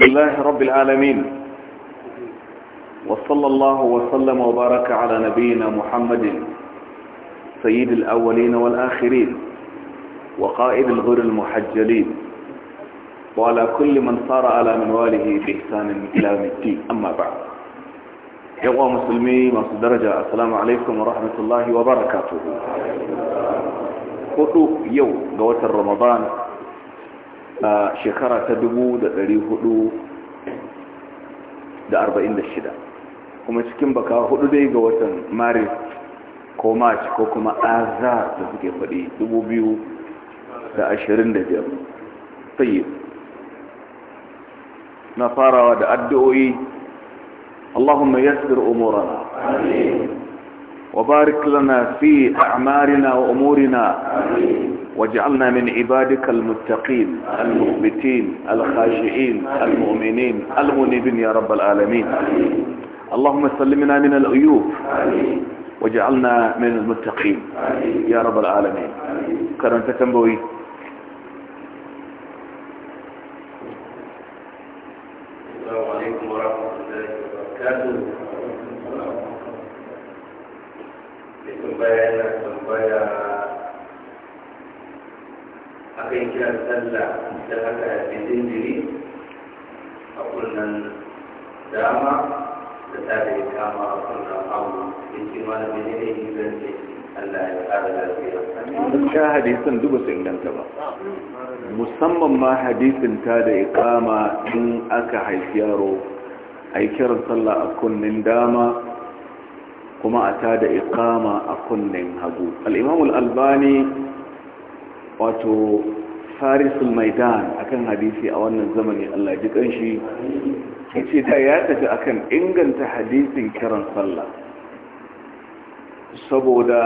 لله رب العالمين وصلى الله وسلم وبارك على نبينا محمد سيد الأولين والآخرين وقائد الغر المحجلين وعلى كل من صار على منواله بإحسان إلى الدين أما بعد يقوى مسلمي مصر درجة السلام عليكم ورحمة الله وبركاته خطوك يوم قوة رمضان a shekara ta 1446 kuma cikin baka hudu dai ga watan maris ko march ko kuma azar da suke faɗi 2025 tsaye na farawa da addu'o'i اللهم يسر أمورنا آمين وبارك لنا في أعمارنا وأمورنا آمين واجعلنا من عبادك المتقين المخبتين الخاشعين المؤمنين المنيبين يا رب العالمين اللهم سلمنا من العيوب واجعلنا من المتقين يا رب العالمين كرمت تنبوي السلام عليكم ورحمة الله وبركاته aka yi kiran sallah da aka yi jinjiri a kunnen dama da ta da ya kama a kunnen hagu in ce ma da mene ne inganci Allah ya kara lafiya. Sha hadisan duba su inganta ba. Musamman ma hadisin ta da ya kama in aka haifi yaro a yi kiran sallah a kunnen dama kuma a tada iqama a kunnen hagu al'imamul albani wato farisul maidan akan hadisi a wannan zamani Allah ji kanshi yace da ya tafi akan inganta hadisin kiran sallah saboda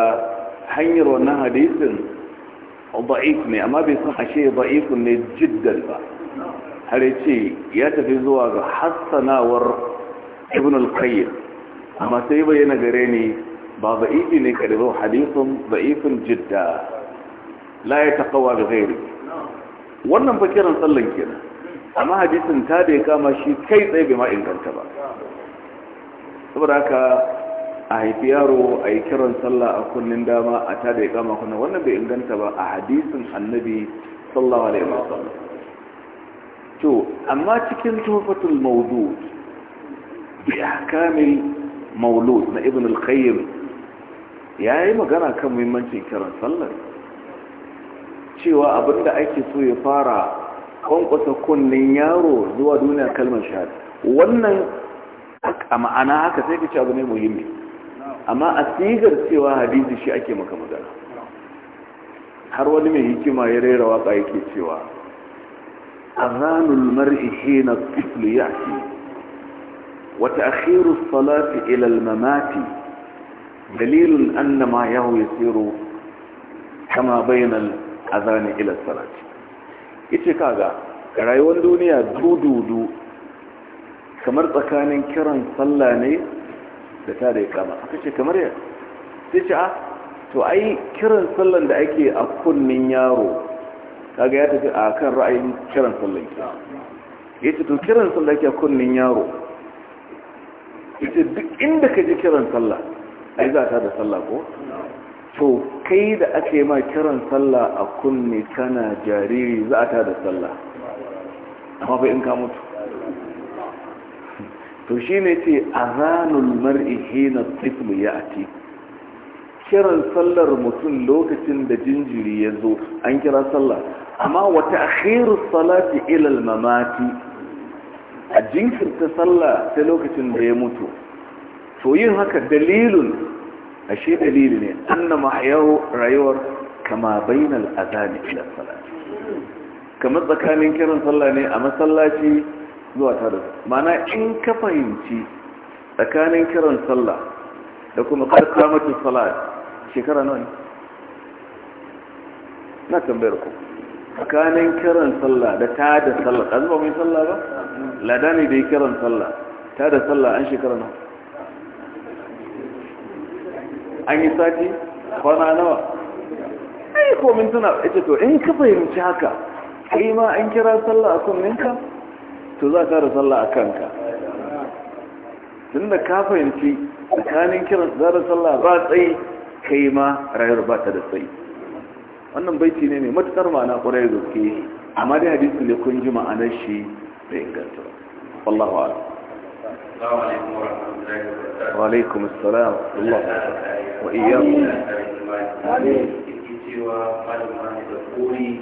hanyar wannan hadisin da'if ne amma bai san ashe da'ifun ne jiddan ba har yace ya tafi zuwa ga hassanawar ibn al-qayyim amma sai bayyana gare ni ba da'ifi ne kadai ba hadisin da'ifun jidda la yataqawa bi ghairihi wannan fa kiran sallan kenan amma hadisin ta da ya kama shi kai tsaye bai ma inganta ba saboda haka a haifi yaro a yi kiran sallah a kunnin dama a ta da ya kama kuna wannan bai inganta ba a hadisin annabi da ya masu to amma cikin tufatul Maudu, ya ahkamil maulud na ibn al ya yi magana kan muhimmancin kiran sallar. cewa da ake so ya fara kwankwasa kunnen yaro zuwa duniya kalmar shahada wannan a ma'ana haka sai ka ce abu ne muhimmi amma a sigar cewa hadisi shi ake maka magana har wani mai hikima ya rera waka yake cewa azanul mar'i hina at-tifl ya'ti wa ta'khiru as-salati ila mamati dalilin anna ma yahu yasiru kama bayna azanin ilar salati yace kaga rayuwar duniya dududu kamar tsakanin kiran sallah ne da ta da kama aka ce kamar ya sai ce a ah, to ai kiran sallan da ake a kunnin yaro kaga ya tafi a kan ra'ayin kiran sallan ya ce to kiran sallah ke a kunnin yaro ya ce duk inda ka ji kiran sallah ai za ta da sallah ko to kai da aka yi ma kiran sallah a kunne kana jariri za a da sallah amma fa in ka mutu to shi ne ce ranar mar'i hina tiflu ya ati kiran sallar mutum lokacin da jinjiri ya zo an kira sallah amma wata akhiru salati ilal mamati a jinkirta sallah sai lokacin da ya mutu to yin haka dalilun ashe dalili ne anna mahayau rayuwar kama bainal azani ila salati kamar tsakanin kiran sallah ne a masallaci zuwa tada mana in ka fahimci tsakanin kiran sallah da kuma karkamacin salat shekara nawa ne na tambayar ku tsakanin kiran sallah da tada sallah ɗan ba mai sallah ba ladani da yi kiran sallah tada sallah an shekara nawa an yi sati kwana nawa ai ko mintuna ita to in ka fahimci haka kai ma an kira sallah a kunninka to za ka da sallah a kanka tunda ka fahimci tsakanin kiran da sallah ba tsayi kai ma rayuwar ba ta da tsayi wannan baiti ne mai matukar ma'ana ƙwarai gaske amma dai hadisi ne kun ji ma'anar shi da inganta wallahu wa alaikum assalam wa wannan buri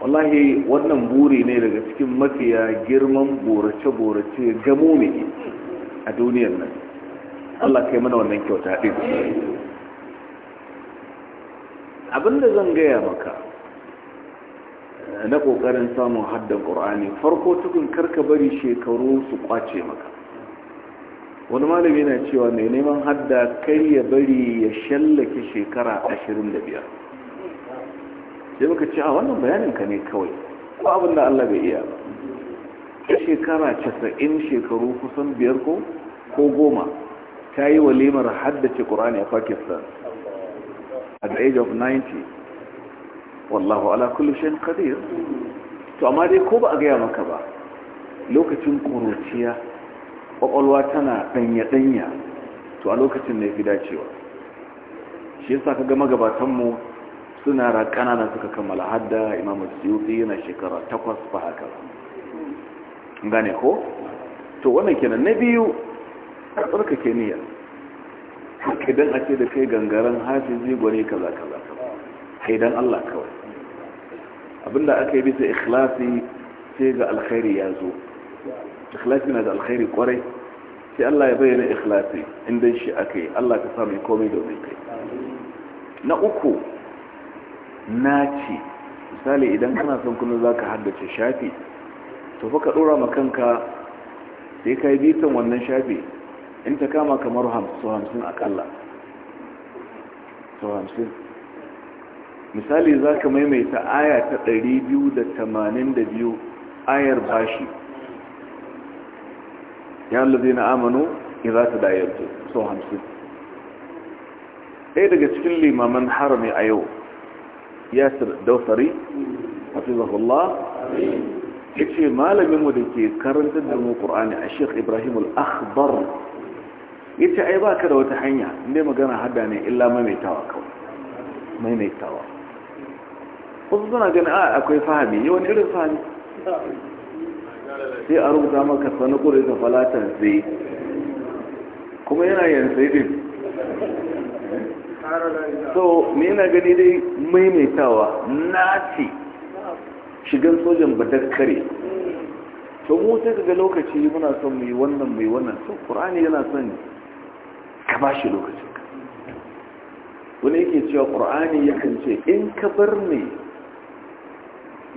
wallahi wannan buri ne daga cikin mafiya girman borace-borace gamo mai a duniyar nan Allah kai mana wannan kyauta ɗin abinda zan gaya maka na kokarin samun haddan qur'ani farko tukun karka bari shekaru su kwace maka wani malami yana cewa mai neman hadda kai ya bari ya shallake shekara 25 sai muka ce a wannan bayanin ka ne kawai ko abin da Allah bai iya ba shekara 90 shekaru kusan biyar ko ko goma ta yi walimar haddace ƙur'ani a pakistan at the age of 90 wallahu ala kulli shayin qadir to amma dai ko ba a gaya maka ba lokacin kuruciya kwakwalwa tana danya-danya to a lokacin ne fi dacewa shi yasa ka ga magabatanmu suna raƙanana suka kammala hadda imam suyuti yana shekara takwas ba haka gane ko to wannan kenan na biyu a tsarkake niyya idan a ce da kai gangaren zai gwani kaza kaza kai dan Allah kawai abinda aka yi bisa ikhlasi sai ga alkhairi ya zo ikhlasi na da alkhairi kwarai sai Allah ya bayyana ikhlasi inda shi aka yi Allah ka samu komai domin kai na uku naci misali idan kana son kuma za ka haddace shafi to fa ka ɗora ma kanka sai ka bitan wannan shafi in ta kama kamar hamsin akalla misali za ka maimaita aya ta 282 ayar bashi ya lullu na amano in za ta dayar so hamsin ɗaya daga cikin limaman harami a yau yasir dautari hafizahullah ya ce malaminmu da ke karanta da mu a sheikh ibrahim al-akhbar ya ce ai ba ka da wata hanya inda magana hada ne illa maimaitawa kawai maimaitawa wasu suna ganin a ah, akwai fahimi wani irin fahimi sai a rubuta maka sani kuri ta falatar zai kuma yana yin sai din so ne yana gani dai maimaitawa ce shigan sojan ba badakkare to mu sai daga lokaci muna son mai wannan mai wannan so ƙur'ani yana son ka ba shi lokacin wani yake cewa ƙur'ani yakan ce in ka bar mai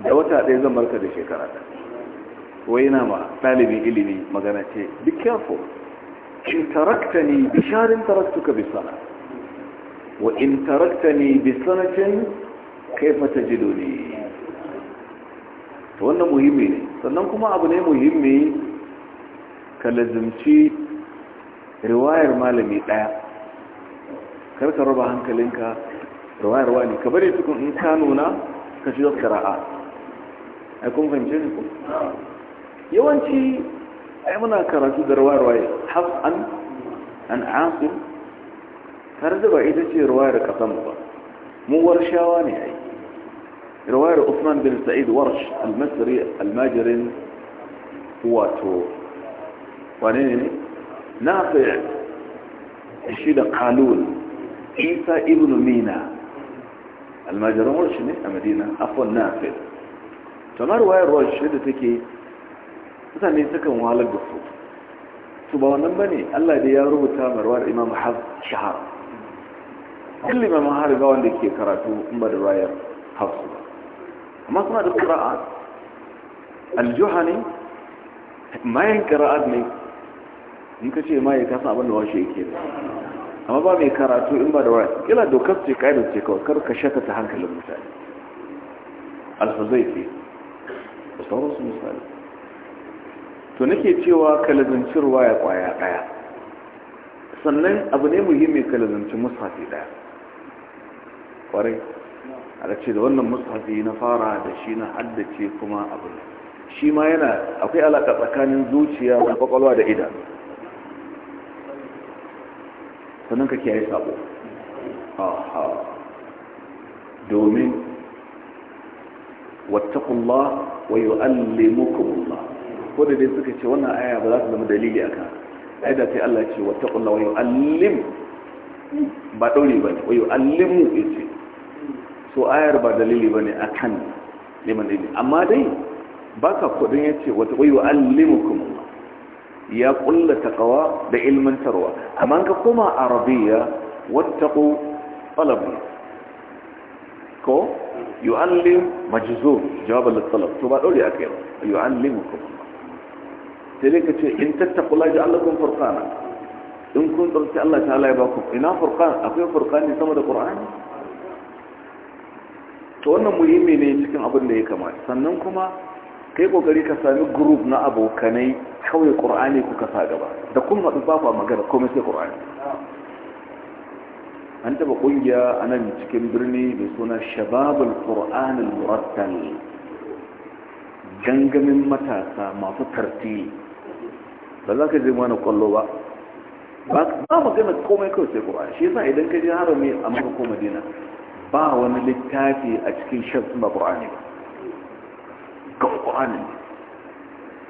da wata ɗaya zan barka da shekara wai na ma ɗalibin ilimi magana ce be careful in tarakta ne bisharin taraktuka bi sana wa in tarakta ne bi sanatin kaifata jido ne ta wannan muhimmi ne sannan kuma abu ne muhimmi ka lazimci riwayar malami ɗaya karka raba hankalinka riwayar wani ka bari tukun in ka nuna ka shi zafkara'a a kun fahimce ni ko yawanci ai muna karatu da ruwa ruwaye hasan an asir tare da ba ita ce ruwayar kasan ba mu warshawa ne ai ruwayar usman bin sa'id warsh al-masri al-majirin wato wane ne nafi shi da qalul isa ibn mina al-majirin warsh ne a madina afwan nafi kamar wayar ruwan shi da take mutane sukan wahalar da su su ba wannan ba ne allah dai ya rubuta marwar imam har shahar kullum imam mahar ga wanda ke karatu in ba da wayar hafsu ba amma suna da ƙura'a Juhani, mayan ƙura'a ne in ka ce maye ka san abin da washe yake amma ba mai karatu in ba da wayar kila dokar ce ƙa'idar ce kawai kar ka shakata hankalin mutane alfazai ce da sauransu misali to nake cewa ruwa ya kwaya daya sannan abu ne muhimmi kalazancin musafi daya kwarai a ce da wannan musafi na fara da shi na haddace kuma abu shi ma yana akwai alaka tsakanin zuciya da kwakwalwa da idan sannan ka kiyaye sabo domin wattaqullah wa yu'allimukumullah ko da dai suka ce wannan aya ba za ta zama dalili aka ai da sai Allah ce wattaqullah wa yu'allim ba dauri ba ne wa yu'allimu yace so ayar ba dalili bane akan liman ilmi amma dai baka kudin yace wa yu'allimukumullah ya kulla taqwa da ilmantarwa amma ka kuma arabiya wattaqu talab ko yu'allim majzur jawab al to ba a akai ba yu'allimukum sai dai kace in tattaqullaha ja'alakum furqana in kun tsorci Allah ta'ala ya baku ina furqan akwai furqani sama da ƙur'ani. to wannan muhimmi ne cikin abin da ya kamata sannan kuma kai kokari ka sami group na abokanai kawai ƙur'ani kuka sa gaba da kun haɗu ba a magana komai sai ƙur'ani. an taba kungiya a nan cikin birni mai suna shababul qur'an al-murattal gangamin matasa masu tarti ba za ka je mana kwallo ba ba magana komai kawai sai qur'ani shi yasa idan ka je harami a maka ko madina ba wani littafi a cikin shamsin ba qur'ani ba kan qur'ani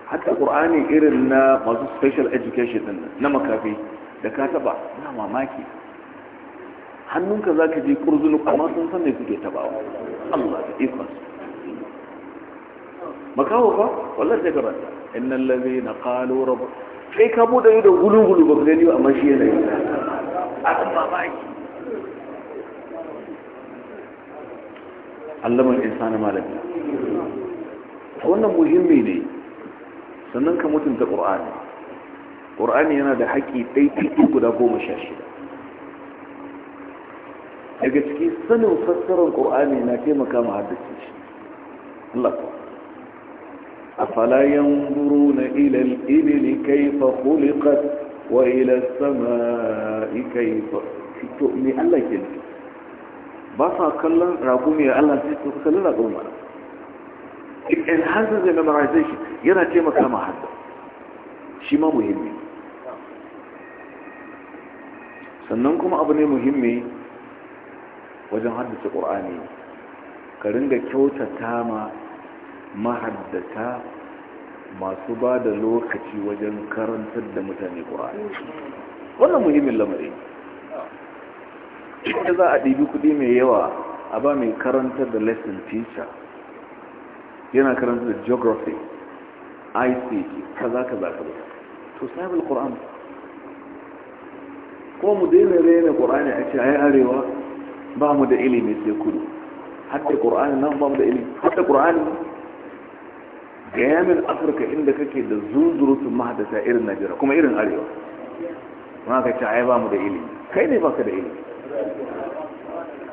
hatta qur'ani irin na masu special education din na makafi da ka taba na mamaki hannunka za ka je kurzulu amma sun san me suke tabawa Allah da ikon makawo fa wallahi gabata gaba innal na qalu rabb kai ka buɗe yi da gulugulu ba gani ba amma shi yana yi akan babaki allama insana malami wannan muhimmi ne sannan ka mutunta ƙur'ani. Ƙur'ani yana da haƙi ɗaiɗaiɗi guda goma sha shida daga ciki sanin fassarar ƙorani na taimaka ma haddace shi Allah a falayen buru na ilil ilili kai fa hulikat wa ilal sama ikai fa fito ne Allah ke ba sa kallon ragumi ya Allah sai su kallon ragumi it enhances the memorization yana taimaka ma haddace shi ma muhimmi sannan kuma abu ne muhimmi wajen haddace ƙur'ani ka ringa kyautata ma mahaddata masu ba da lokaci wajen karantar da mutane ƙur'ani wannan muhimmin lamari ita za a ɗibi kuɗi mai yawa a ba mai karantar da lesson teacher yana karantar da geography ict kaza kaza kaza to sahibar ƙur'ani ko mu daina raina ƙur'ani a ce ai arewa ba mu da ilimi sai kudu hatta ƙur'ani nan ba mu da ilimi hatta ƙur'ani ga yamin afirka inda kake da zuzurutun mahadasa irin najira kuma irin arewa ma ka ce ai ba mu da ilimi kai ne ba ka da ilimi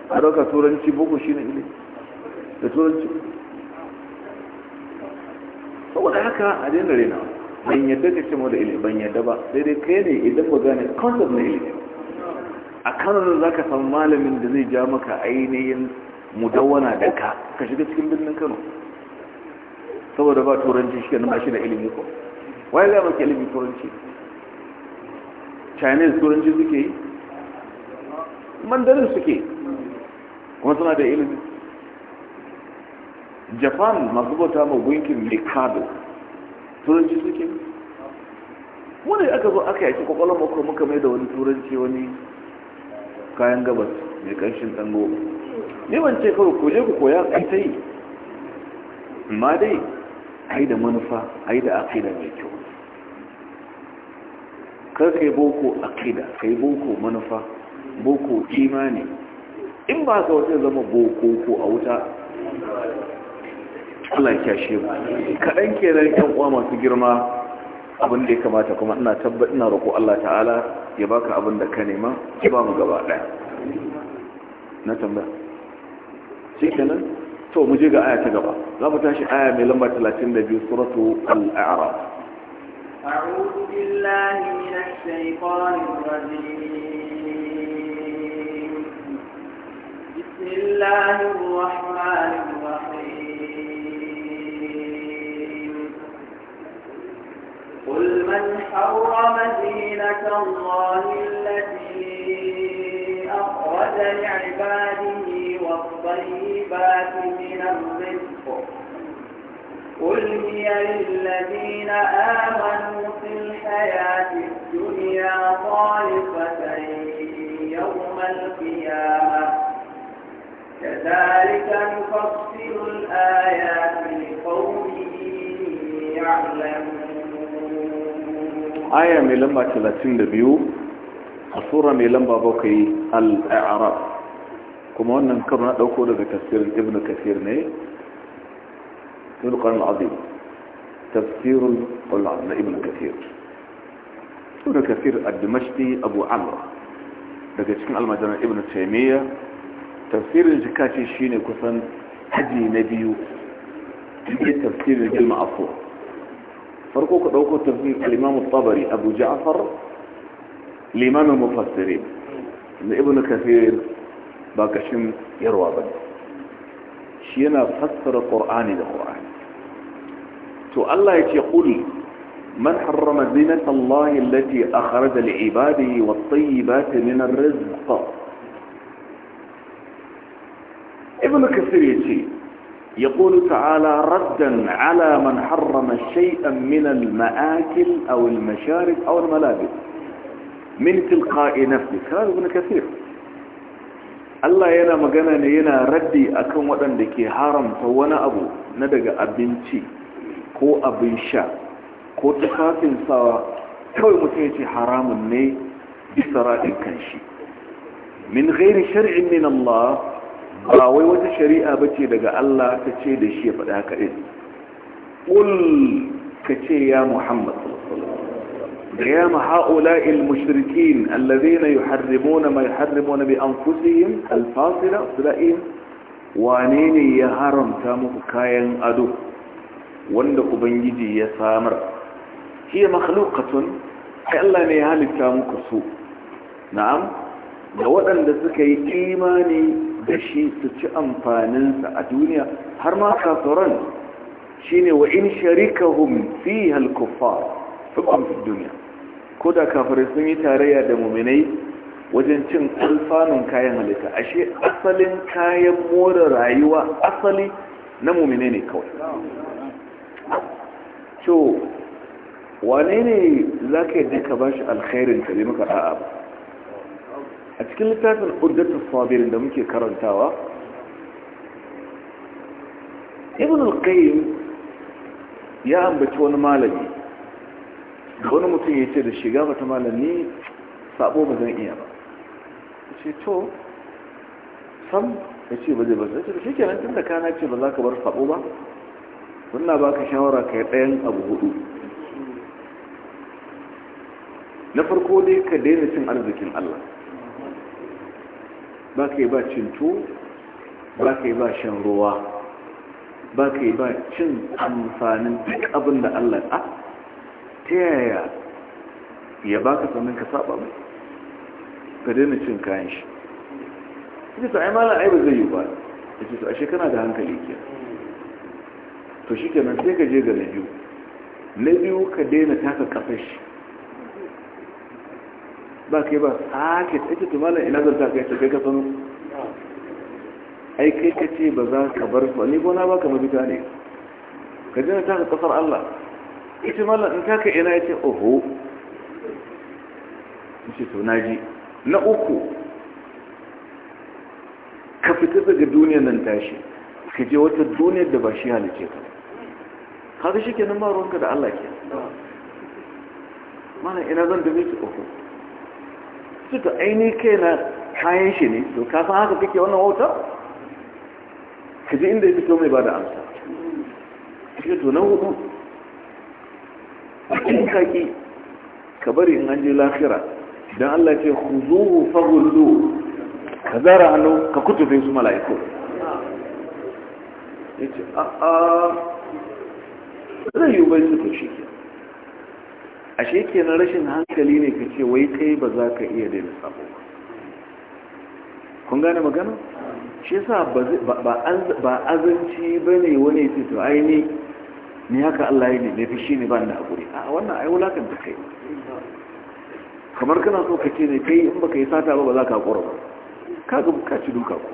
a ɗauka turanci boko shi ne ilimi da turanci saboda haka a daina rena ban yadda ka ce mu da ilimi ban yadda ba sai dai kai ne idan ba gane concept na ilimi a kanada za ka samu malamin da zai ja maka ainihin mudawana da ka ka shiga cikin birnin kano saboda ba turanci shi na mashi da ilimi ko waye ga maka ilimi turanci chinese turanci suke yi mandarin suke kuma suna da ilimi japan masu bauta ma gunkin mikado turanci suke wani aka zo aka yaki kwakwalon mako muka mai da wani turanci wani kayan gabas mai ƙarshen tsango ne ban ce kawai ku je ku koya ai ta yi Ma dai ai da manufa ai da aƙida mai kyau kar kai boko aƙida kai boko manufa boko imani in ba ka wata zama boko ko a wuta Allah ya ba. mu kaɗan kenan 'yan uwa masu girma abin da ya kamata kuma ina tabbat ina roƙo Allah ta'ala ya baka abin da ka nema ki ba mu gaba ɗaya na tambaya shi kenan to mu je ga aya ta gaba za mu tashi aya mai lamba 32 suratu al-a'raf a'udhu billahi minash shaitanir rajim bismillahir rahmanir rahim قل من حرم دينة الله التي أخرج لعباده والطيبات من الرزق قل هي للذين آمنوا في الحياة الدنيا خالصة يوم القيامة كذلك نفصل الآيات لقومه يعلمون aya mai lamba 32 a sura mai lamba bakwai al'arab kuma wannan karo na ɗauko daga tafsirin ibn kafir ne tulqan azim tafsirul qur'an na ibn kafir ibn kafir ad-dimashqi abu amr daga cikin almajiran ibn taymiya tafsirin jikaci shine kusan haji na biyu tafsirin ilmu afuwa فركوك دوكو تفسير الإمام الطبري أبو جعفر الإمام المفسرين ابن كثير باكشم يروى بني شينا فسر القرآن لقرآن تو الله يقول من حرم زينة الله التي أخرج لعباده والطيبات من الرزق ابن كثير يتي يقول تعالى ردا على من حرم شيئا من المآكل أو المشارب أو الملابس من تلقاء نفسك هذا ابن كثير الله ينا مقنن ينا ردي أكم ودن لكي حرم فوانا أبو ندق أبنتي كو أبنشا كو تخاف سوا كو متيتي حرام ني بسراء الكنشي من غير شرع من الله ba wai wata shari'a ba ce daga Allah ta ce da shi ya faɗa haka ɗin ƙul ka ce ya muhammad da ya maha'ula ilmushirikin allazi na yi harrimona mai harrimona bi an fusihim alfasira sula'im wane ne ya haramta muku kayan ado wanda ubangiji ya samar hiya makhluqatun ai Allah ne ya halitta muku su na'am da waɗanda suka yi imani da shi su ci amfaninsa a duniya har ma shi ne wa in sharikahum fiha al-kuffar fi duniya ko da kafar sun yi tarayya da muminai wajen cin alfanun kayan halitta ashe asalin kayan more rayuwa asali na muminai ne kawai to wane ne za ka yi ka ba shi alkhairin ka maka a'a ba a cikin littafin urdatul sabirin da muke karantawa ibn al-qayyim ya ambaci wani malami wani mutum ya ce da shiga mata malami sabo ba zan iya ba ya ce to sam ya ce ba zai ba zai ce shi kenan tun da kana ce ba za ka bar sabo ba wanda ba ka shawara ka yi ɗayan abu hudu na farko dai ka daina cin arzikin Allah ba ka yi ba cinto ba ka yi ba shan ruwa ba ka yi ba cin amfanin duk abin da allah a ta yaya ya ba ka sannan ka saba mai ka daina cin kayan shi ita ta aimala ai ba zai yi ba ce ta ashe kana da hankali ke to shi kenan sai ka je ga na biyu na biyu ka daina taka kafashi shi ba kai ba a ke ita to ina zan ta kai ta kai ka sanu ai kai ka ce ba za ka bar su ni gona ba ka mabita ne ka jina ta ka kasar Allah ita mallan in ta ka ina ya ce oho in ce to naji na uku ka fita daga duniyar nan tashi ka je wata duniyar da ba shi halice ka haka shi kenan ma ruwanka da Allah ke mana ina zan da mai su suka aini kai na kayan shi ne to ka san haka kake wannan wauta ka ji inda ya fito mai ba da amsa shi to na hudu a kan kaki ka bari in an je lafira don allah ce ku zo fagullo ka zara hannu ka kutufe su mala'iku ya ce a'a zai yi bai su to shi ke ashe na rashin hankali ne kace wai kai ba za ka iya daina sabo ba kun gane magana shi yasa ba azanci ba ne wani fito to ai ni ni haka Allah ya ne ne fi ne ba da haƙuri. a wannan ai wulakan ta kai kamar kana so ka ce ne kai in baka yi sata ba ba za ka hakura ba ka ga ka ci duka ko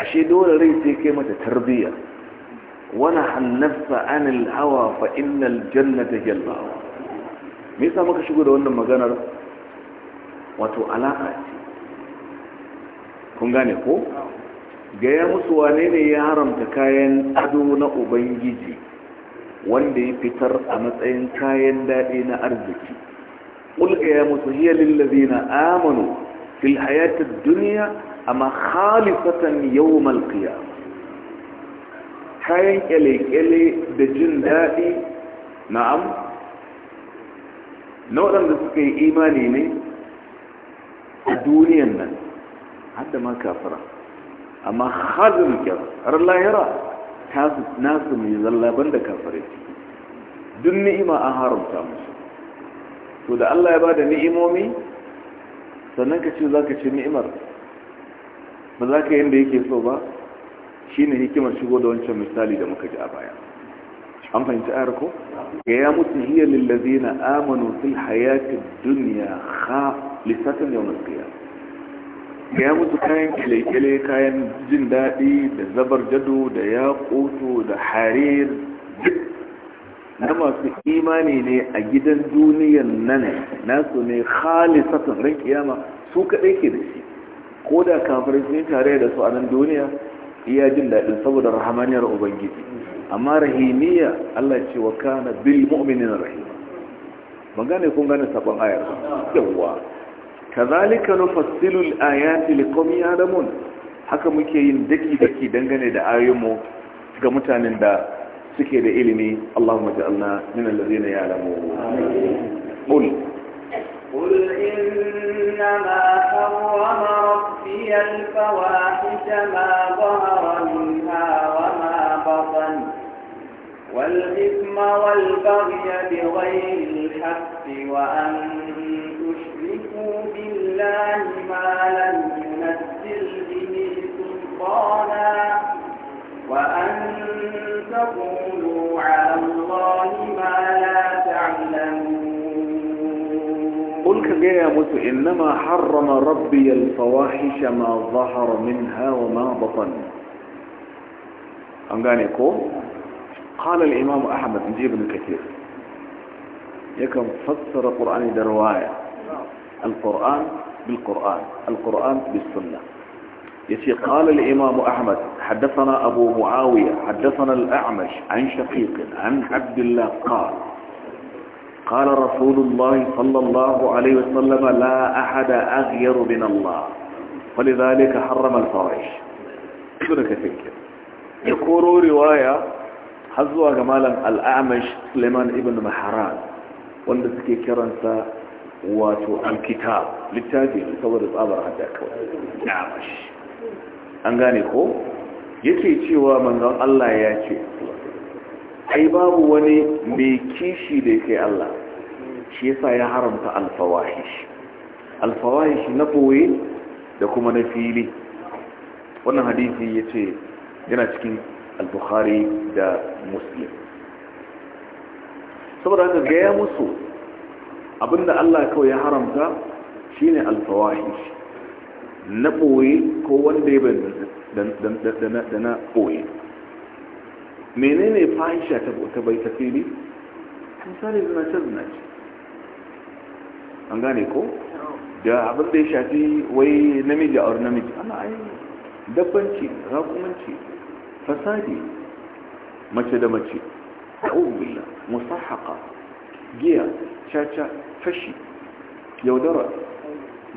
ashe dole rai sai kai mata tarbiyya wani النفس anil hawa فإن الجنة هي الأوى me yasa muka shigo da wannan maganar wato alaƙa ce kun gane ko gaya musu wane ne ya haramta kayan ado na ubangiji wanda ya fitar a matsayin kayan daɗi na arziki ƙulƙa ya musu hiya lillazi na amanu fil hayatar duniya amma khalifatan yau malkiya kayan ƙyale-ƙyale da jin daɗi na'am na waɗanda suka yi imani ne a duniyan nan hadda ma kafira amma hazin kyar har lahira nasu mai zallaban da kafirai duk ni'ima an haramta musu to da Allah ya ba da ni'imomi sannan ka ce za ka ci ni'imar ba za ka yi yadda yake so ba shi ne hikimar shigo da wancan misali da muka ji a baya an fahimci ayar ko ga ya mutu hiyar lillazina amanu fil hayatin duniya ha lissafin yau na tsiya ga ya mutu kayan kyale kayan jin daɗi da zabar jado da yaƙoto da harir na masu imani ne a gidan duniyan nan nasu ne khalisatan ran kiyama su kaɗai ke da shi ko da kafirai sun tare da su a nan duniya iya jin daɗin saboda rahamaniyar ubangiji amma rahimiyya Allah ce wa kana bil mu'minina rahima ban gane kun gane sabon ayar ba yawa kazalika nufassilu al-ayati liqawmin ya'lamun haka muke yin daki daki dangane da ayoyinmu ga mutanen da suke da ilimi Allahumma ja'alna min alladhina ya'lamun qul قل إنما حرم ربي الفواحش ما ظهر منها والإثم والبغي بغير الحق وأن تشركوا بالله ما لم ينزل به سلطانا وأن تقولوا على الله ما لا تعلمون قل يا موسى إنما حرم ربي الفواحش ما ظهر منها وما بطن أنغانيكو قال الإمام أحمد نجيب بن كثير يكن فسر القرآن ده رواية القرآن بالقرآن القرآن بالسنة يسي قال الإمام أحمد حدثنا أبو معاوية حدثنا الأعمش عن شقيق عن عبد الله قال قال رسول الله صلى الله عليه وسلم لا أحد أغير من الله ولذلك حرم الفرج ابن كثير يقول رواية har zuwa ga malam al'amish suleiman ibn maharan wanda suke kiransa wato alkitab littafi saboda tsabar hada kawai al'amish an gane ko yake cewa manzon Allah ya ce ai babu wani mai kishi da kai Allah shi yasa ya haramta alfawahish alfawahish na boye da kuma na fili wannan hadisi yace yana cikin al-bukhari da muslim saboda haka gaya musu abinda Allah kawai ya haramta shine al-fawahish na ɓoye ko wanda ya da na ɓoye menene fahisha ta bai ta fili misali zinace zinace an gane ko da abin da ya shafi wai namiji a namiji ana ainihin dabbanci rakumanci fasadi mace da mace a'udbillah musahaka giya caca fashi yaudara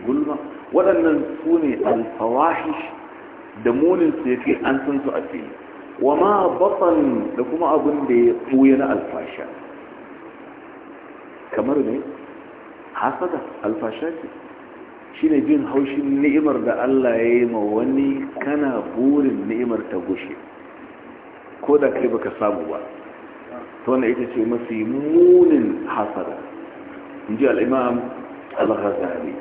gulma waɗannan su ne alfawahish da munin ya fi an san su a fili wa ma batan da kuma abin da ya ɓuya na alfasha kamar ne hasada alfasha ce shi ne jin haushin ni'imar da Allah ya yi ma wani kana burin ni'imar ta gushe ko da kai baka samu ba to wannan ita ce mafi munin hasara in ji al'imam al-ghazali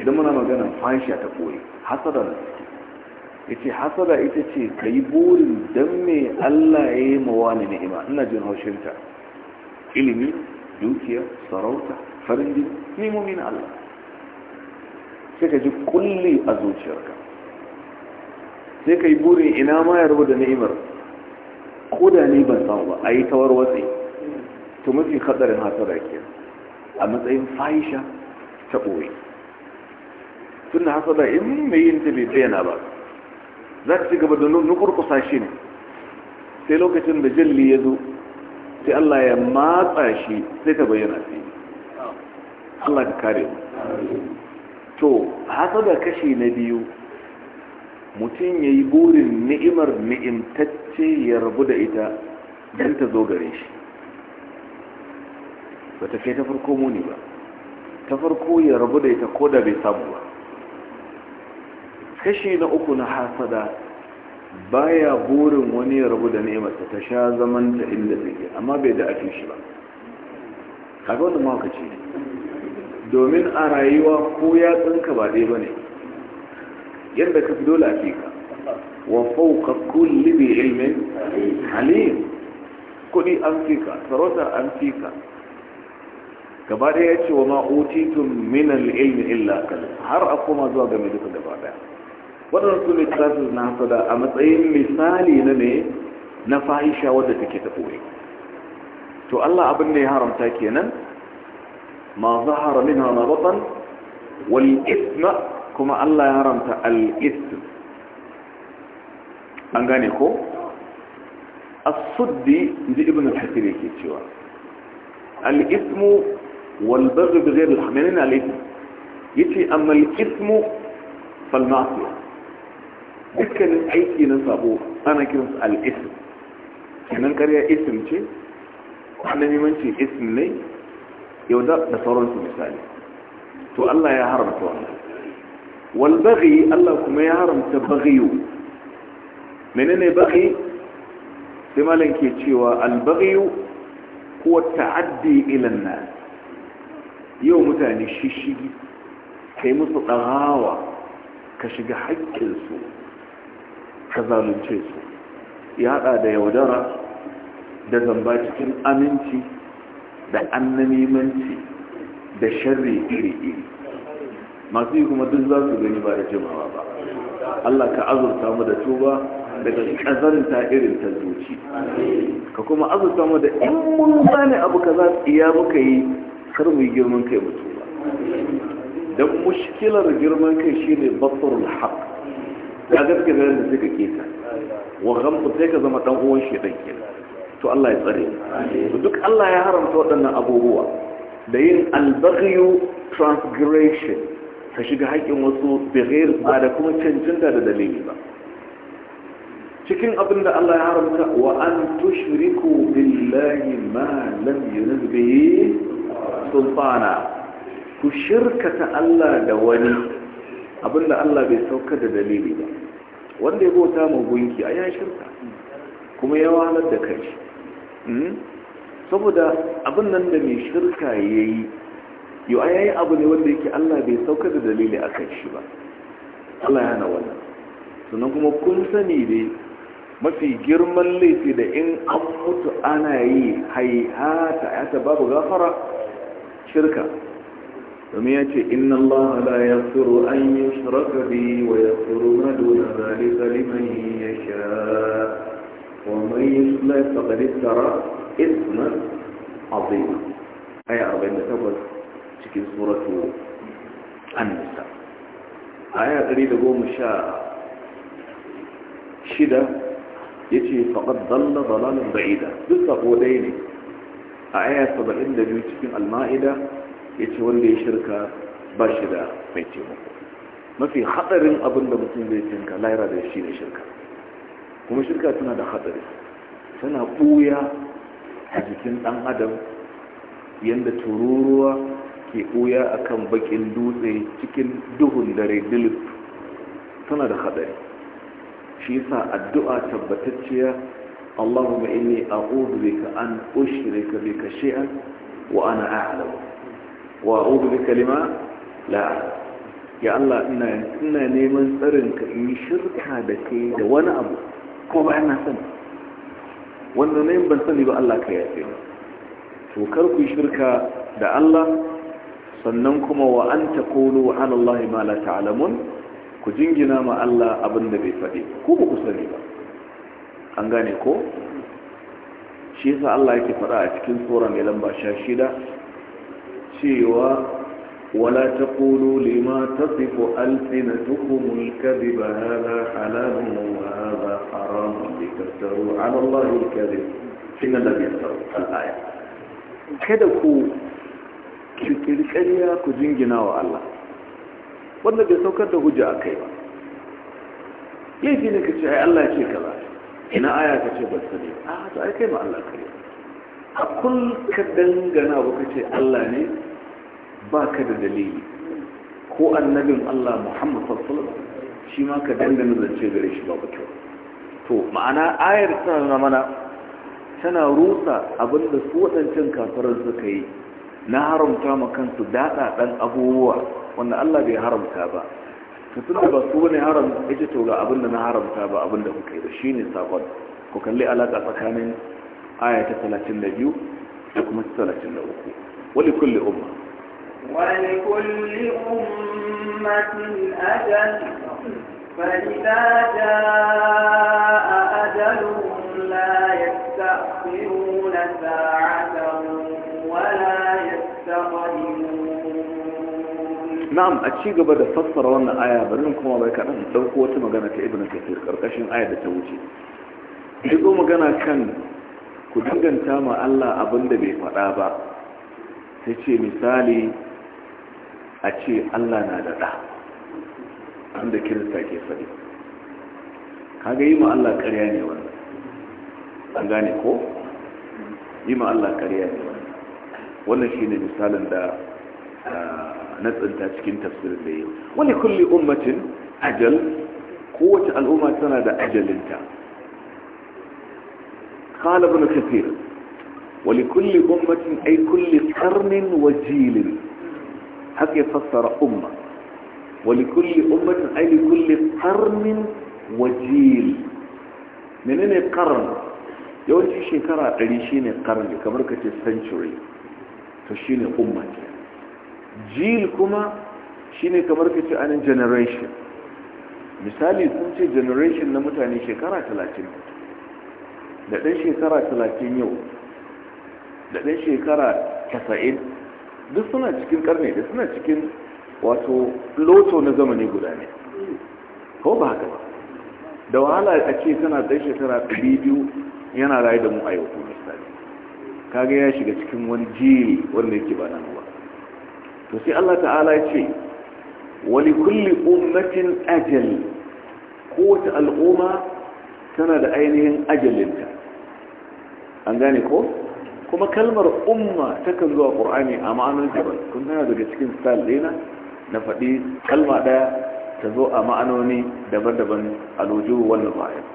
idan muna magana fashiya ta koyi hasara da suke ya ce hasara ita ce ka yi burin don me allah ya yi mawa ne ni'ima ina jin haushinta ilimi dukiya sarauta farin jini nemomi na allah sai ka ji kulli a zuciyarka sai ka yi burin ina ma ya rubuta ni'imar ko da ni ban samu ba a yi tawar watsi to mafi hatsarin hasara ke a matsayin fahisha ta ɓoye tun da hasara in mai yin ta bai bayyana ba za ka ci gaba da nukurkusa shi ne sai lokacin da jalli ya zo sai Allah ya matsa shi sai ta bayyana fi Allah ka kare mu to hasada kashi na biyu mutum ya yi burin ni'imar ni'imtacce ya rabu da ita don ta zo gare shi ba ta kai ta farko muni ba ta farko ya rabu da ita ko da bai samu ba kashi na uku na hasada baya burin wani ya rabu da ni'imar ta sha zaman ta inda zai amma bai da ake shi ba kaga wanda mawakaci ce. domin a rayuwa ko ya tsinka ba ɗaya ba ne جنبك في دولة فيك وفوق كل ذي علم حليم كل أنفك سرطة أنفك كباريات وما أوتيتم من العلم إلا كذا هر أقوم أزوى جميلك دبابا وانا رسول إكراسز نحصد أما طيب مثالي نمي نفاهشة ودت كتفوه تو الله أبني هارم تاكينا ما ظهر منها ما بطن والإثم kuma Allah ya haramta al-ism an gane ko as-suddi inji ibn al-hasir yake cewa al-ism wal baghy bi ghayr al-hamlin alayhi yace amma al-ism fal ma'siya dukkan aiki na sabo ana kiran su al-ism kenan kariya ism ce wannan mimanci ism ne yau da sauransu misali to Allah ya haramta wannan walbaghi Allah kuma ya haramta baghiyu menene baghi sai malam cewa albaghiyu huwa ta'addi ila nas yau mutane shishigi kai musu dagawa ka shiga haƙƙin su ka zalunce su Yaɗa da yaudara da zamba cikin aminci da annamimanci da sharri iri iri masu yi kuma duk za su gani ba da jimawa ba Allah ka azurta mu da tuba daga kazanta irin ta zuci ka kuma azurta mu da in mun gane abu su iya muka yi kar mu yi girman kai mu tuba dan mushkilar girman kai shine batrul haq Ya gaske da da suka keta wa gamsu sai ka zama dan uwan shi dan kenan to Allah ya tsare to duk Allah ya haramta waɗannan abubuwa da yin albaghiyu transgression ka shiga haƙƙin wasu bihir ba da kuma cancanta da dalili ba cikin abin da Allah ya haramta wa an tushriku billahi ma lam yunzil bihi sultana ku shirkata Allah da wani abin da Allah bai sauka da dalili ba wanda ya bauta mu gunki a ya shirka kuma ya wahalar da kai hmm? saboda abin nan da mai shirka yayi yau ai yayi abu ne wanda yake Allah bai sauka da dalili akan shi ba Allah ya hana wannan sannan kuma kun sani dai mafi girman laifi da in an mutu ana yi haihata ayata babu gafara shirka domin ya ce inna Allah la tsoro an yushraka bi wa ya tsoro na yaghfiru ma duna zalika liman yasha ومن يصلح فقد افترى اثما عظيما اي 48 cikin suratu an aya 116 yace faqad dalla dalalan ba'ida duk sako ne a aya 72 cikin al-ma'ida yace wanda ya shirka ba shi da mai taimako mafi hadarin abin da mutum zai tinka laira da shi ne shirka kuma shirka tana da hadari tana buya a jikin ɗan adam yanda tururuwa ke ɓuya a kan bakin dutse cikin duhun dare dilip tana da haɗari shi yasa addu'a tabbatacciya allahumma inni a'udhu bika an ushrika bika shay'an wa ana a'lamu wa a'udhu bika lima la ya Allah ina ina neman tsarin ka in shirka da kai da wani abu ko ba ina san wanda ne ban sani ba Allah ka yafe ba. to kar ku shirka da Allah sannan kuma wa an taqulu ala allahi ma la ku jingina ma Allah abin da bai faɗi ko ba ku sani ba an gane ko shi yasa Allah yake faɗa a cikin sura mai lamba 16 cewa ولا تقولوا لما تصف ألسنتكم الكذب هذا حلال وهذا حرام لتفتروا على الله الكذب lafiyar الذي يفتروا Kada ku. kirkiri ƙarya ku jingina wa Allah wanda bai saukar da hujja a kai ba yake ne ka ce ai Allah ce kaza ina aya ka ce ban ne a hatu ai kai ma Allah kare a kul ka dangana ba ka ce Allah ne ba ka da dalili ko annabin Allah Muhammad sallallahu alaihi shi ma ka dangana zance gare shi ba kyau to ma'ana ayar tana mana tana rusa abinda su waɗancan kafirin suka yi na haramta ma kansu daɗa ɗan abubuwa wanda Allah bai haramta ba su suna ba su wani haram ya ce to ga abinda na haramta ba abinda kuka yi ba shi ne sakon ku kalli alaƙa tsakanin aya ta 32 da kuma 33 Wani kulli umma wali kulli ummatin ajal فإذا جاء أجلهم لا يستأخرون ساعة na'am a ci gaba da fassara wannan aya bari mun kuma bai kaɗan ɗauko wata magana ta ibn kafir ƙarƙashin aya da ta wuce ɗigo magana kan ku danganta ma Allah abin da bai faɗa ba ta ce misali a ce Allah na da ɗa wanda kirista ke faɗi kaga yi ma Allah ƙarya ne wannan an gane ko yi ma Allah ƙarya ne wannan wannan shine misalin da na tsinta cikin tafsirin da yau wani kulli ummatin ajal kowace al'umma tana da ajalinta قال ابن كثير ولكل أمة أي كل قرن وجيل هكذا يفسر أمة ولكل أمة أي لكل قرن وجيل من أين قرن يقول شيء شكرا قريشين قرن كما ركت century to shine umma jil kuma shine kamar ka ce anin generation misali sun ce generation na mutane shekara talatin da ɗan shekara talatin yau da ɗan shekara 90 duk suna cikin karni da suna cikin wato loto na zamani guda ne ko ba haka ba da wahala a ce tana ɗan shekara 200 yana rayu da mu a yau misali kaga ya shiga cikin wani jiri wanda yake ba nan ba to sai Allah ta'ala ya ce wali kulli ummatin ajal ta al'umma tana da ainihin ajalinta an gane ko kuma kalmar umma takan zuwa qur'ani a ma'anar jabal kun tana daga cikin style dina na faɗi kalma ɗaya ta zo a ma'anoni daban-daban a lojuhu wannan bayan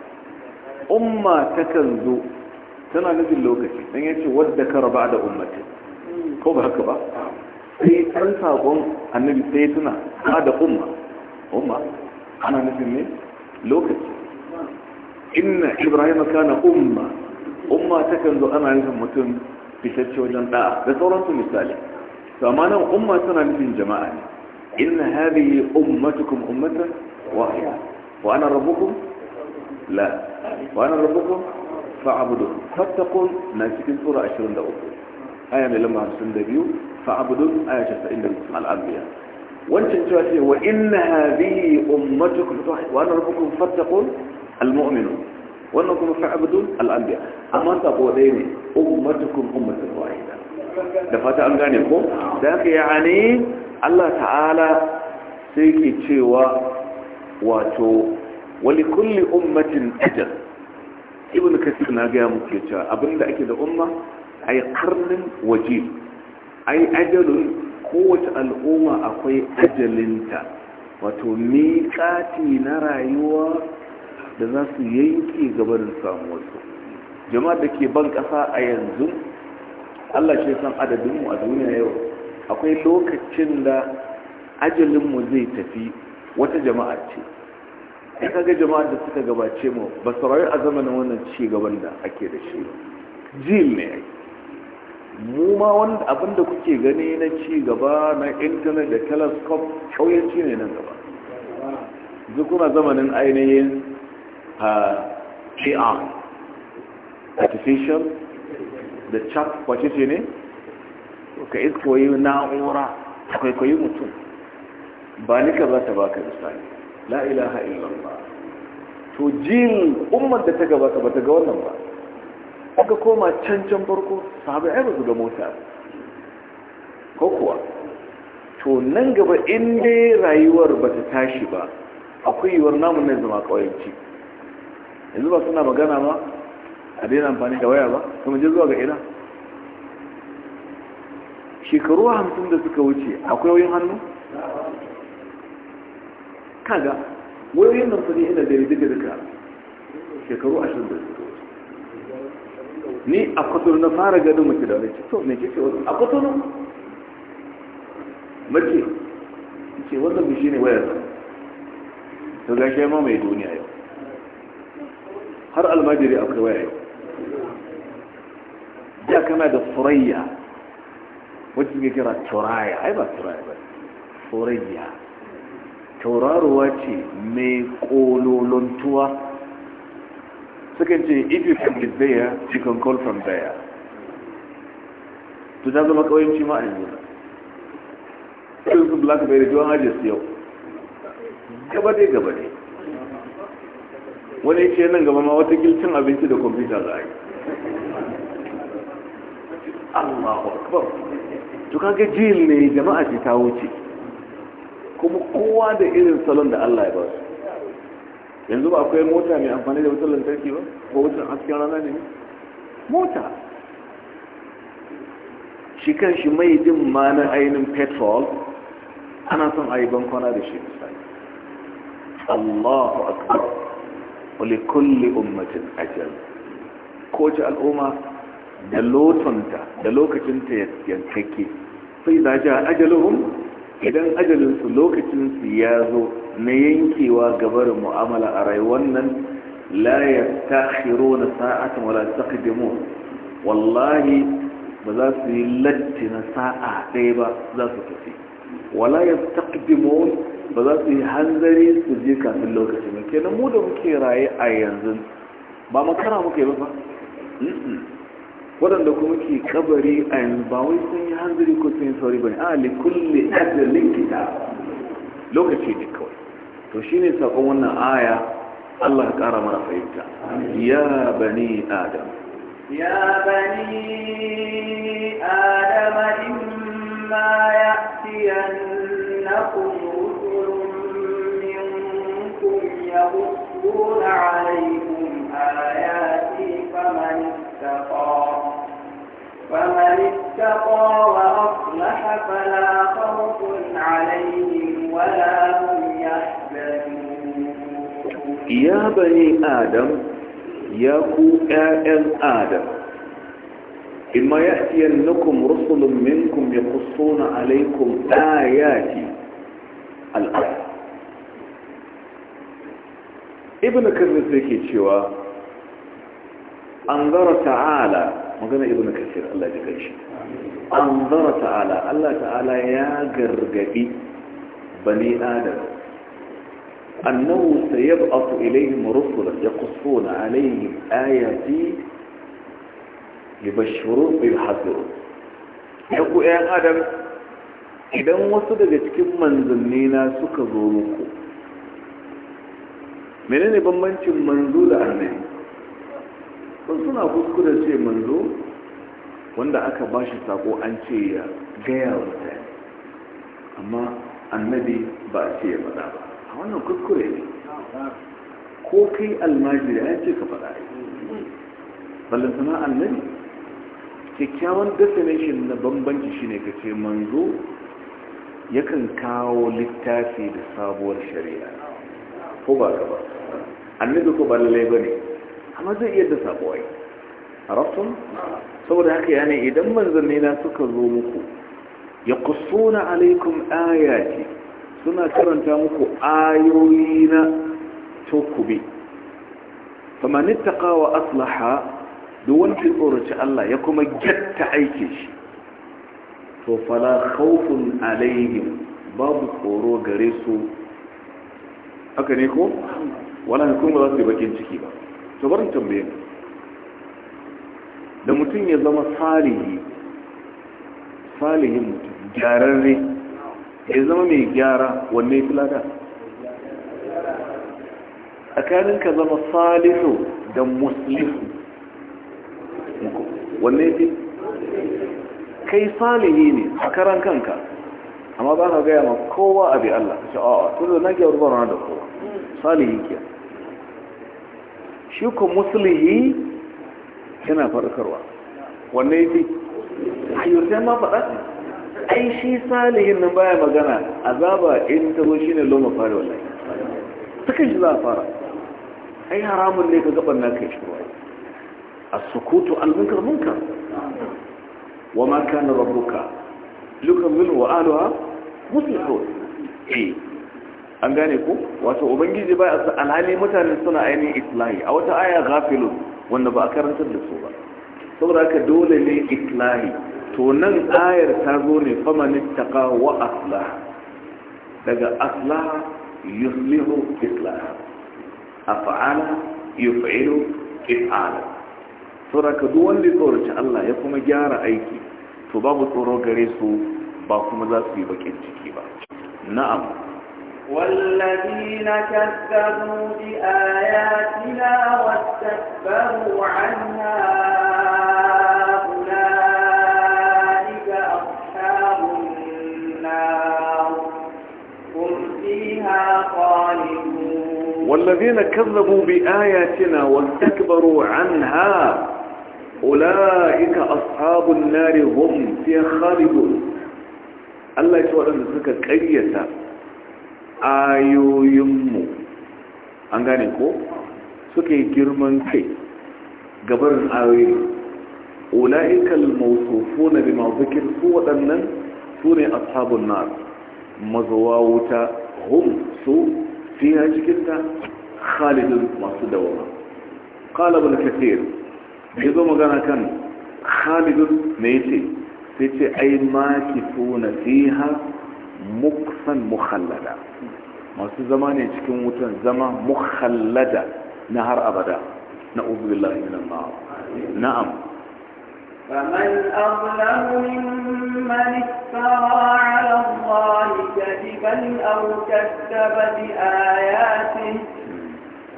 umma takan zo tana nufin lokaci dan ya ce wadda ka raba da ummati ko ba haka ba sai ɗan saƙon annabi sai tuna ba da umma umma ana nufin ne lokaci inna ibrahim kana umma umma ta kan zo ana nufin mutum fitacce wajen ɗa'a da sauransu misali amma nan umma tana nufin jama'a ne inna hadhihi ummatukum ummatan wahida wa ana rabbukum la wa ana rabbukum fa'abudu fattakun na cikin tsura 23 aya mai lamba 52 fa'abudu aya 90 al'abiya wancan cewa ce wa ina hadhihi ummatukum wa ana rabbukum fattaqun almu'minun wannan kuma fa'abudu al'abiya amma sako dai ne ummatukum ummatun wahida da fata an gane ko da haka yani Allah ta'ala sai ke cewa wato wali kulli ummatin ajal ibn kasir na gaya muku ya cewa abinda ake da umma yi karnin waje ai ajalun kowace al'umma akwai ajalinta wato miƙati na rayuwa da za su yanke gabarin samuwarsu jama'a da ke ban ƙasa a yanzu allah shi san adadinmu a duniya yau akwai lokacin da ajalinmu zai tafi wata jama'a ce ya kaga jama'a da suka gabace mu ba su rayu a zamanin wannan cigaban da ake da shi jil ne mu ma wanda abinda kuke gani na cigaba na intanet da telescope kauyanci ne nan gaba zukuna zamanin ainihin a ar artificial da chat kwace ce ne ka iskoyi na'ura kwaikwayi mutum ba nika za ta baka misali la ilaha illallah to jin ummar da ta gabata ba ta ga wannan ba aka koma can can farko sahabai ai ba su ga mota ko kuwa to nan gaba in dai rayuwar ba ta tashi ba akwai yiwuwar namun ne zama kawayanci yanzu ba suna magana ba a daina amfani da waya ba kuma je zuwa ga ina shekaru hamsin da suka wuce akwai wayoyin hannu كذا وين نصلي إلى ذي ذكر الكلام شكروا أشد ني أقتل نفارة قدو ما تدعو ليش تو نجي في وضع أقتلوا مجي نجي وضع بجيني ويضع تقول لك يا مامي دوني أيو هرأل أيوه؟ ما جري أقوائي جاء كما دا فريا وجي كرا ترايا عيبا أيوه ترايا بس فريا tauraruwa ce mai kololontuwa sukan ce if you can be there you can call from there to ta zama kawayanci ma a yanzu su blackberry don hajji su yau gaba dai wani ce nan gaba ma wata gilcin abinci da kwamfuta za a yi allahu akbar to kaga jil ne jama'a ce ta wuce kuma kowa da irin salon da Allah ya ba su yanzu ba akwai mota mai amfani da wutar lantarki ba ko wutar hasken rana ne mota shi kan shi mai din ma na ainihin petrol ana son a yi bankwana da shi Allahu akbar wali kulle ummatin ajiyar. ko ci al'umma da lotonta da lokacinta yankake sai da ajiyar ajiyar idan ajalinsu lokacinsu ya zo na yankewa gabar mu'amala a rayuwar nan la ya takhiro na sa'atan wala taqdimu wallahi ba za su yi latti na sa'a ɗaya ba za su tafi wala ya ba za su yi hanzari su je kafin lokacin kenan mu da muke raye a yanzu ba makara muke ba fa waɗanda kuma ke kabari a yanzu ba wai sun yi hanzari ko sun yi sauri ba ne a likulli ajalin kita lokaci ne kawai to shine sakon wannan aya Allah ƙara mana fahimta ya bani adam ya bani adam imma ya'tiyannakum rusulun minkum yaqussuna ya ayati faman ittaqa فمن اتقى وأصلح فلا خوف عليهم ولا هم يحزنون يا بني آدم يا كو آدم إما يأتينكم رسل منكم يقصون عليكم آيات الأرض ابن كرز يكي cewa أنظر تعالى مجنى ابن كثير الله يجيش انظر تعالى الله تعالى يا قرقبي بني آدم أنه سيبعث إليهم رسلا يقصون عليهم آياتي يبشرون ويحذرون يقول يا آدم إذا وصدت كم من ظنينا سكذوركم من أن يبمنتم منذول عنهم sun suna kuskure ce manzo wanda aka ba shi sako an ce ya gaya wa mutane amma annabi ba a ce ya faɗa ba a wannan kuskure ne ko kai almajiri ya ce ka faɗa ballon sana annabi kyakkyawan definition na bambanci shine ka ce manzo yakan kawo littafi da sabuwar shari'a ko ba ka ba annabi ko ba lalai ba ne amma zai iya da sabo a arabtum saboda haka yana idan manzanni na suka zo muku ya na alaikum ayati suna karanta muku ayoyi na to ku bi wa aslaha duk wanda Allah ya kuma gyatta aiki shi to fala khawfun alaihim babu tsoro gare su haka ne ko wala hukumar za su yi bakin ciki ba to barin tambaye da mutum ya zama salihi salihin mutum gyararre ya zama mai gyara wanne filada tsakanin ka zama salihu da muslihu wanne fi kai salihi ne a karan kanka amma ba ka gaya ma kowa abi Allah shi a tun da na gyaru ba da kowa salihi kiyar shi ko musulihi yana farkarwa wanne yake ayyurta ma faɗa ai shi salihin nan baya magana azaba in ta zo shine loma fara wallahi sakan shi za a fara ai haramun ne ka gaban naka ya shirwa A sukutu al-munkar munkar wa ma kana rabbuka lukan min wa Aluwa muslihun eh an gane ku? wato ubangiji ba a alhali mutane suna ainihin islahi a wata aya gafilun wanda ba a karantar da su ba saboda haka dole ne islahi to nan ayar ta zo ne famanin taka wa aslaha daga aslaha yuslihu islaha afa'ala yuf'ilu if'ala saboda haka duk wanda ya tsoraci Allah ya kuma gyara aiki to babu tsoro gare su ba kuma za su yi bakin ciki ba na'am والذين كذبوا بآياتنا واستكبروا عنها أولئك أصحاب النار هم فيها خالدون والذين كذبوا بآياتنا واستكبروا عنها أولئك أصحاب النار هم فيها خالدون الله يتوى أن ذكر قرية ayoyinmu an gane ko suke girman kai gabarin ayoyin ula'ikal mausufu na bi mazikir su waɗannan su ne ashabun nar mazuwa wuta hun su fiya cikinta khalidun masu dawama qalabul kafir ya zo magana kan khalidun mai ce sai ce ai na fiha مقصن مخلدا ما سو زماني چكم وتن زمان مخلدا نهر ابدا نعوذ بالله من النار نعم فمن أظلم ممن افترى على الله كذبا أو كذب بآياته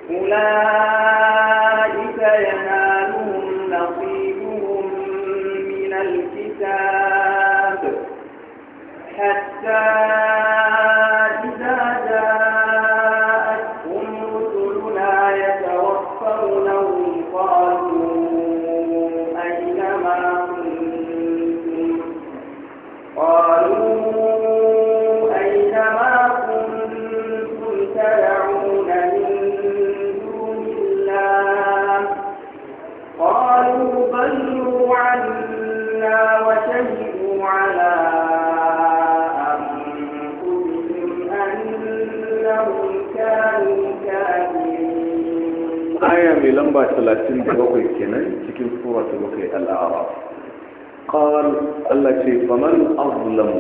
أولئك ينالون حتى lamba 37 kenan cikin suratul bakai al-a'raf Allah ce faman azlamu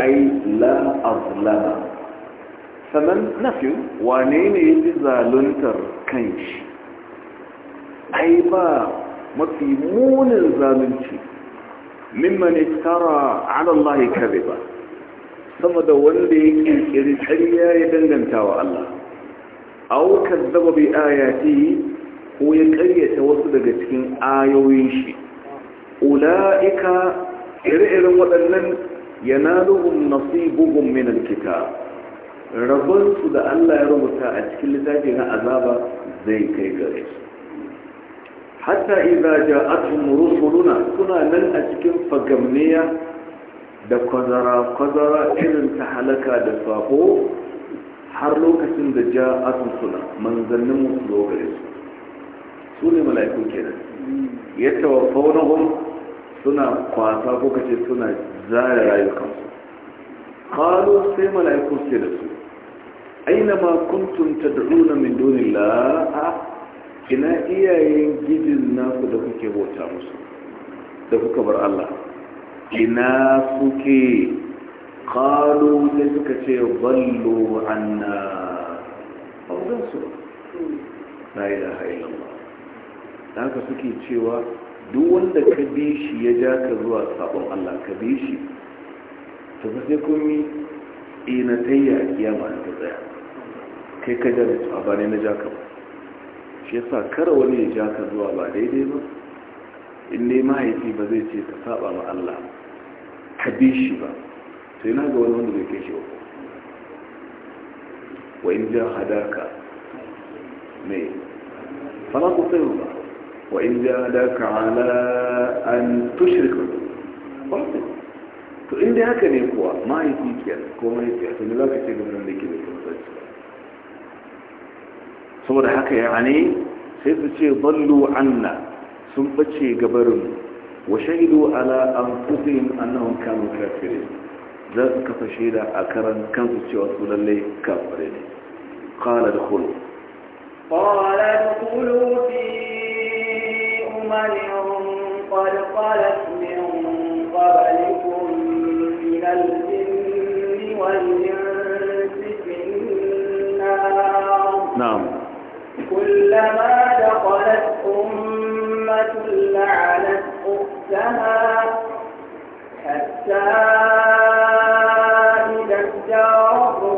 ai la azlama faman nafi wane ne fi zaluntar kanshi ai ba mafi munin zalunci mimman iftara ala Allah ba. sama da wanda ya kirkiri ƙarya ya danganta wa Allah aw kazzaba bi ayatihi ko ya ƙaryata wasu daga cikin ayoyin shi ula'ika iri iren waɗannan yanaluhum bugun minar alkitab rabonsu da Allah ya rubuta a cikin littafi na azaba zai kai gare su hatta iza ja'atun rusuluna suna nan a cikin fagamniya da kwazara kwazara irin ta halaka da sako har lokacin da ja'atun suna manzannin musu zo gare su su ne mala'ikun kenan ya tawaffawunahum suna kwasa ko kace suna zare rayukansu qalu sai mala'ikun sai da su aina ma da tad'una min la'a kina iyayen gidin naku da kuke bauta musu da kuka bar Allah ina suke qalu sai suka ce ballu anna ba su ba la ilaha illallah da haka suke cewa duk wanda ka bi shi ya ja ka zuwa sabon Allah ka bi shi to sai kun yi inatayya eh, a kiyama ta tsaya kai ka ja da ba ne na ja ka ba shi yasa kara wani ya ja ka zuwa ba daidai ba in dai mahaifi ba zai ce ka saba ma Allah ka bi shi ba sai na ga wani wanda bai kai shi ba wa in ja hadaka ne fala ku sai ba وإن جاهدك على أن تشرك باطل to inda haka ne kuwa mahaifi kiyar ko mahaifiya to ne za ka ce gudun da ke da kyanzarci saboda haka ya ne sai su ce ballo anna sun bace gabarin wa shaidu ala an fusin annahun kanu kafirin za su kafa shaida a karan kansu cewa su lallai kafire ne kala da kulu kala da kulu fi أمم قد خلت من قبلكم من الجن والإنس في النار نعم كلما دخلت أمة لعنت أختها حتى إذا اداركوا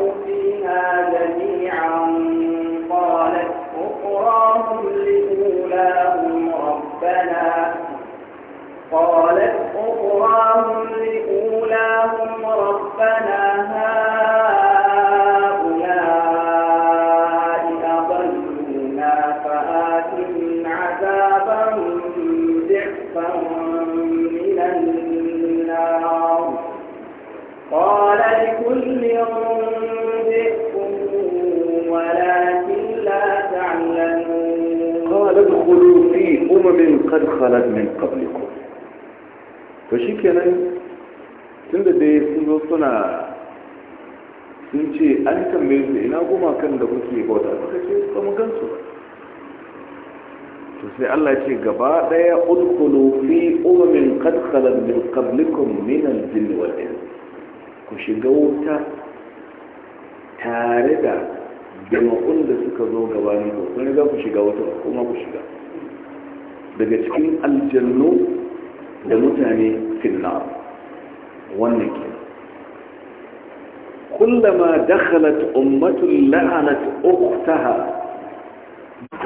قالت أخراهم لأولاهم ربنا هؤلاء أضلنا فآتهم عذابا ضعفا من النار قال لكل ضعف ولكن لا تعلمون قال ادخلوا في أمم قد خلت من قبلكم to shi kenan tun da dai sun zo suna sun ce an tambaye su ina kan da kuke bauta suka ce ba mu gansu ba to sai Allah ce gaba daya ulkulu fi umamin qad khalat min qablikum min al-jinn wal ku shiga wuta tare da jama'un da suka zo gabanin ku kun riga ku shiga wuta kuma ku shiga daga cikin aljannu da mutane finna wannan ke kullama dakhalat ummatun la'anat ukhtaha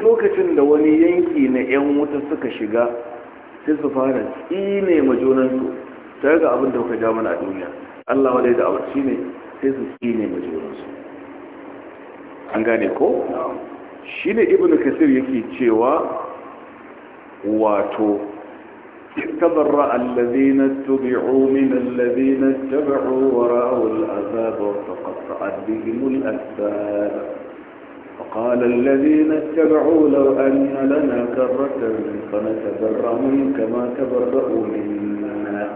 lokacin da wani yanki na yan wuta suka shiga sai su fara tsine ma junansu ta ga abin da kuka ja mana a duniya Allah wadai da abarci shine sai su tsine ma junansu an gane ko shi ne ibnu kasir yake cewa wato إذ تبرأ الذين اتبعوا من الذين اتبعوا وراءوا العذاب وتقطعت بهم الأسباب فقال الذين اتبعوا لو أن لنا كرة فنتبرأ كما تبرأوا منا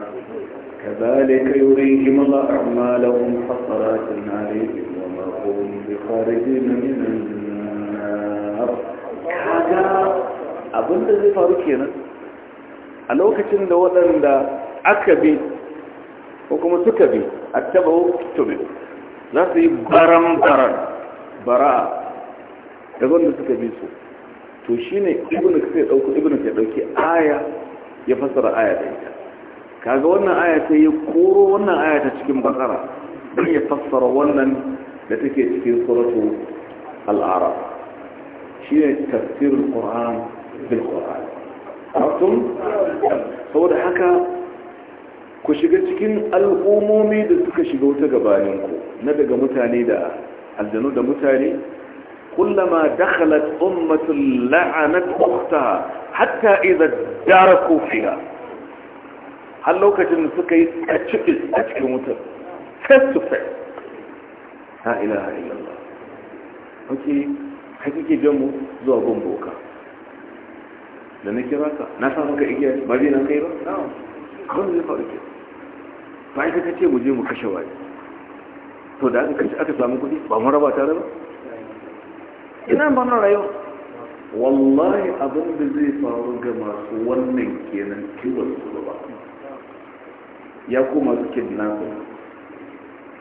كذلك يريهم الله أعمالهم حصرات عليهم وما هم بخارجين من النار هذا أبن الذي فاركينا a lokacin da waɗanda aka bi ko kuma suka bi a taba tumi za su yi baran-baran bara'a da wanda suka bi su to shi ne ibn kasai ɗauki ibn ya ɗauki aya ya fasara aya da ita kaga wannan aya ta yi koro wannan aya ta cikin bakara don ya fassara wannan da take cikin suratu al'arab shi ne tafsirin ƙoran bil ƙoran haftun saboda haka ku shiga cikin al'ummomi da suka shiga wuta gabaninku na daga mutane da aljanu da mutane kullama dakhalat ummatun la'anat ukhtaha hatta idza daraku fiha har lokacin da suka yi a cikin wutar face to face ha ilaha illallah ok hakike jan mu zuwa gomboka da na kira ka na sa maka igiya ba zai nan kai ba kawai zai faru ke ba ita ka ce mu je mu kashe waye to da aka kashe aka samu kuɗi ba mu raba tare ba ina ba na rayuwa wallahi abin da zai faru ga masu wannan kenan kiwon su ba ya koma su kidnapping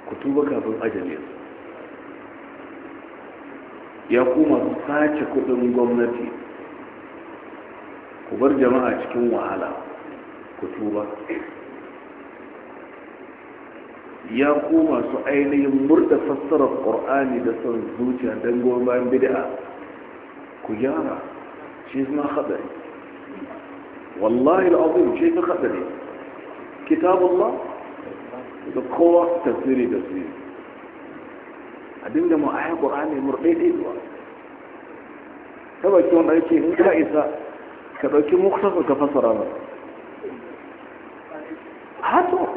ku tuba kafin ajalin ya koma su sace kudin gwamnati kubar jama'a cikin wahala ku tuba ya ku masu ainihin murda fassarar qur'ani da son zuciya don goyon bid'a ku yara shi ma haɗari wallahi al'azim shi ma haɗari kitabullah da kowa tafsiri da su a dinga mu a yi ƙor'ani murɗe ɗaiɗuwa ta baki wanda yake in ka isa كبيرك مختص وكفصر هذا هذا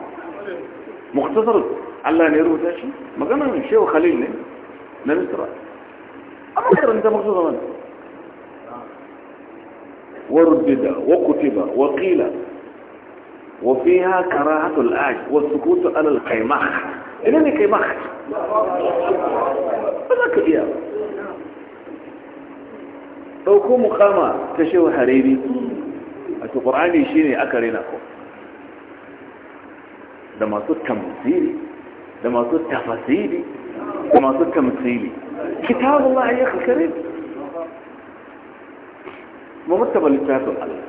مختصر على نيرو تاشي ما كان شيء وخليل من نمسرا أما ترى أنت مختصر من وردد وكتب وقيل وفيها كراهة الآج والسكوت على القيمخ إنني قيمخ هذا كبير ɗauko mukama ta shehu hariri a ta ƙorani shi ne aka rena ko da masu tamsiri da masu tafasiri da masu tamsiri kitabun Allah ya kakare mamattaba littafin Allah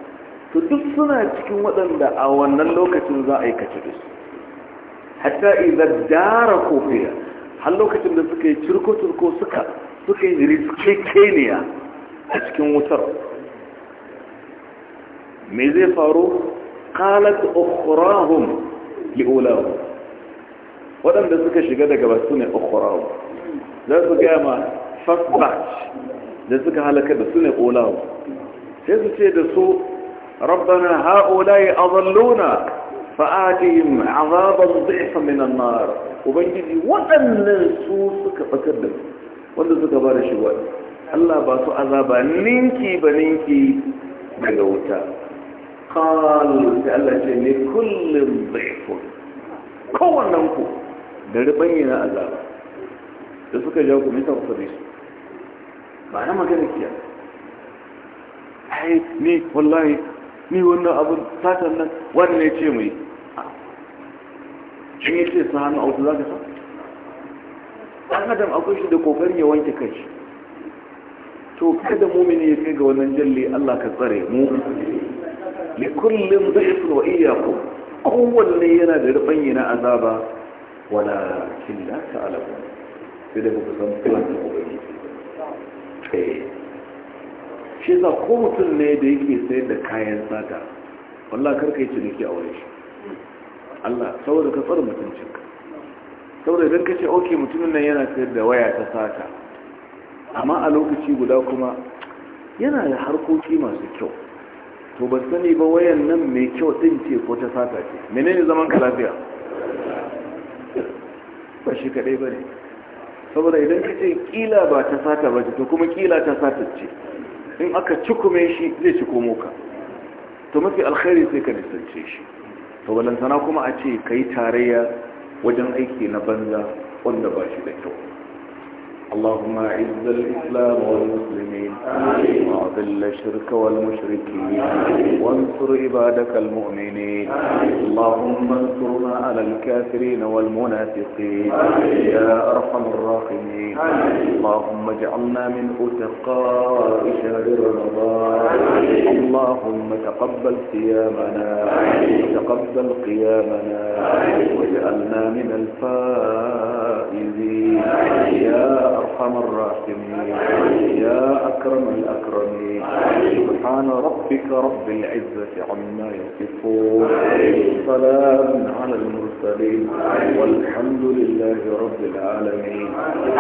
to duk suna cikin waɗanda a wannan lokacin za a yi kace da su hatta idan dara kofiya har lokacin da suka yi cirko-cirko suka suka yi riskekeniya a cikin wutar me zai faru qalat ukhrahum liulahum waɗanda suka shiga daga ba su ne ukhrahum za su ga ma first batch da suka halaka da su ne ulahum sai su ce da su rabbana haula'i adalluna fa'atihim azaban dhi'fan min an-nar ubangiji waɗannan su suka batar da wanda suka ba da shi wani Allah ba su azaba ninki ba ninki daga wuta qalu sai Allah ce ne kullum dhaifun kowannen ku da ribanye na azaba da suka ja ku mita ku su. ba na magana kiya ai ni wallahi ni wannan abu satan nan wani ne ce mai in ne ce sa hannu wuta za ka sa ɗan adam akwai shi da kokari ya wanke kai shi to kada mumini ya kai ga wannan jalli Allah ka tsare mu li kullin dhifun wa iyyakum kowanne yana da rubanyi na azaba wala killa ta'lamu sai da ku san plan da ubangiji eh shi za ko mutum ne da yake sayar da kayan sata wallahi karka yi ciniki a wurin shi Allah saboda ka tsare mutuncinka saboda idan ka ce oke mutumin nan yana sayar da waya ta sata amma a lokaci guda kuma yana da harkoki masu kyau to ban sani ba wayan nan mai kyau din ce ko ta sata ce menene zaman ka lafiya ba shi kadai bane saboda idan ka ce kila ba ta sata ba to kuma kila ta sata ce in aka cikume shi zai ci komo ka to mafi alkhairi sai ka nisance shi to balantana kuma a ce ka yi tarayya wajen aiki na banza wanda ba shi da kyau اللهم اعز الإسلام والمسلمين وأذل الشرك والمشركين وانصر عبادك المؤمنين اللهم انصرنا على الكافرين والمنافقين يا أرحم الراحمين اللهم اجعلنا من أتقاء شهر رمضان اللهم تقبل صيامنا وتقبل قيامنا واجعلنا من الفائزين يا أرحم الراحمين يا أكرم الأكرمين سبحان ربك رب العزة عما يصفون سلام على المرسلين والحمد لله رب العالمين